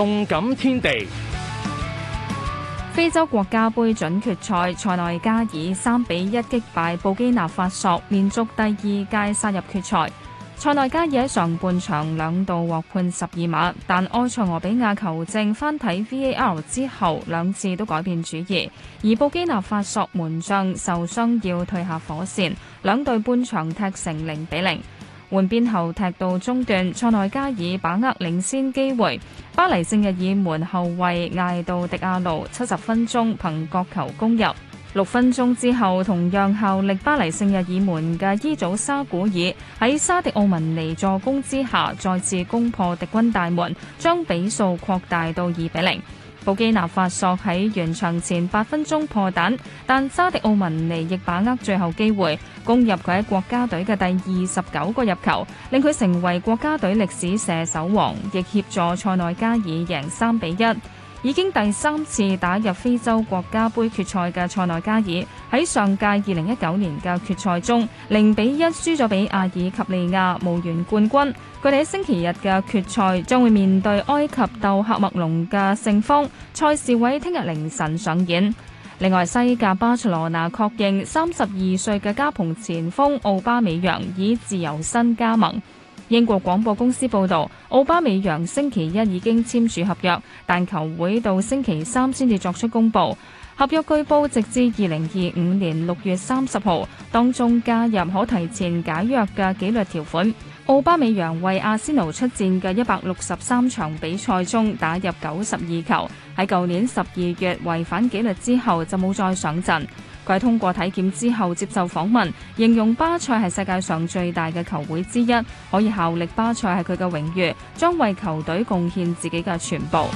動感天地。非洲國家杯準決賽，塞內加爾三比一擊敗布基納法索，連續第二屆殺入決賽。塞內加爾喺上半場兩度獲判十二碼，但埃塞俄比亞球證翻睇 VAR 之後，兩次都改變主意。而布基納法索門將受傷要退下火線，兩隊半場踢成零比零。換邊後踢到中段，塞內加爾把握領先機會。巴黎聖日耳門後衛艾杜迪亞路，七十分鐘憑角球攻入。六分鐘之後，同樣效力巴黎聖日耳門嘅伊祖沙古爾喺沙迪奧文尼助攻之下，再次攻破敵軍大門，將比數擴大到二比零。布基納法索喺完場前八分鐘破蛋，但沙迪奧文尼亦把握最後機會，攻入佢喺國家隊嘅第二十九個入球，令佢成為國家隊歷史射手王，亦協助塞內加爾贏三比一。已經第三次打入非洲國家盃決賽嘅塞內加爾，喺上屆二零一九年嘅決賽中零比一輸咗俾阿爾及利亞，無緣冠軍。佢哋喺星期日嘅決賽將會面對埃及鬥喀麥隆嘅勝方，賽事會聽日凌晨上演。另外，西甲巴塞羅那確認三十二歲嘅加蓬前鋒奧巴美揚以自由身加盟。英國廣播公司報道，奧巴美揚星期一已經簽署合約，但球會到星期三先至作出公佈。合約據報直至二零二五年六月三十號，當中加入可提前解約嘅紀律條款。奧巴美揚為阿仙奴出戰嘅一百六十三場比賽中，打入九十二球。喺舊年十二月違反紀律之後，就冇再上陣。在通過體檢之後接受訪問，形容巴塞係世界上最大嘅球會之一，可以效力巴塞係佢嘅榮譽，將為球隊貢獻自己嘅全部。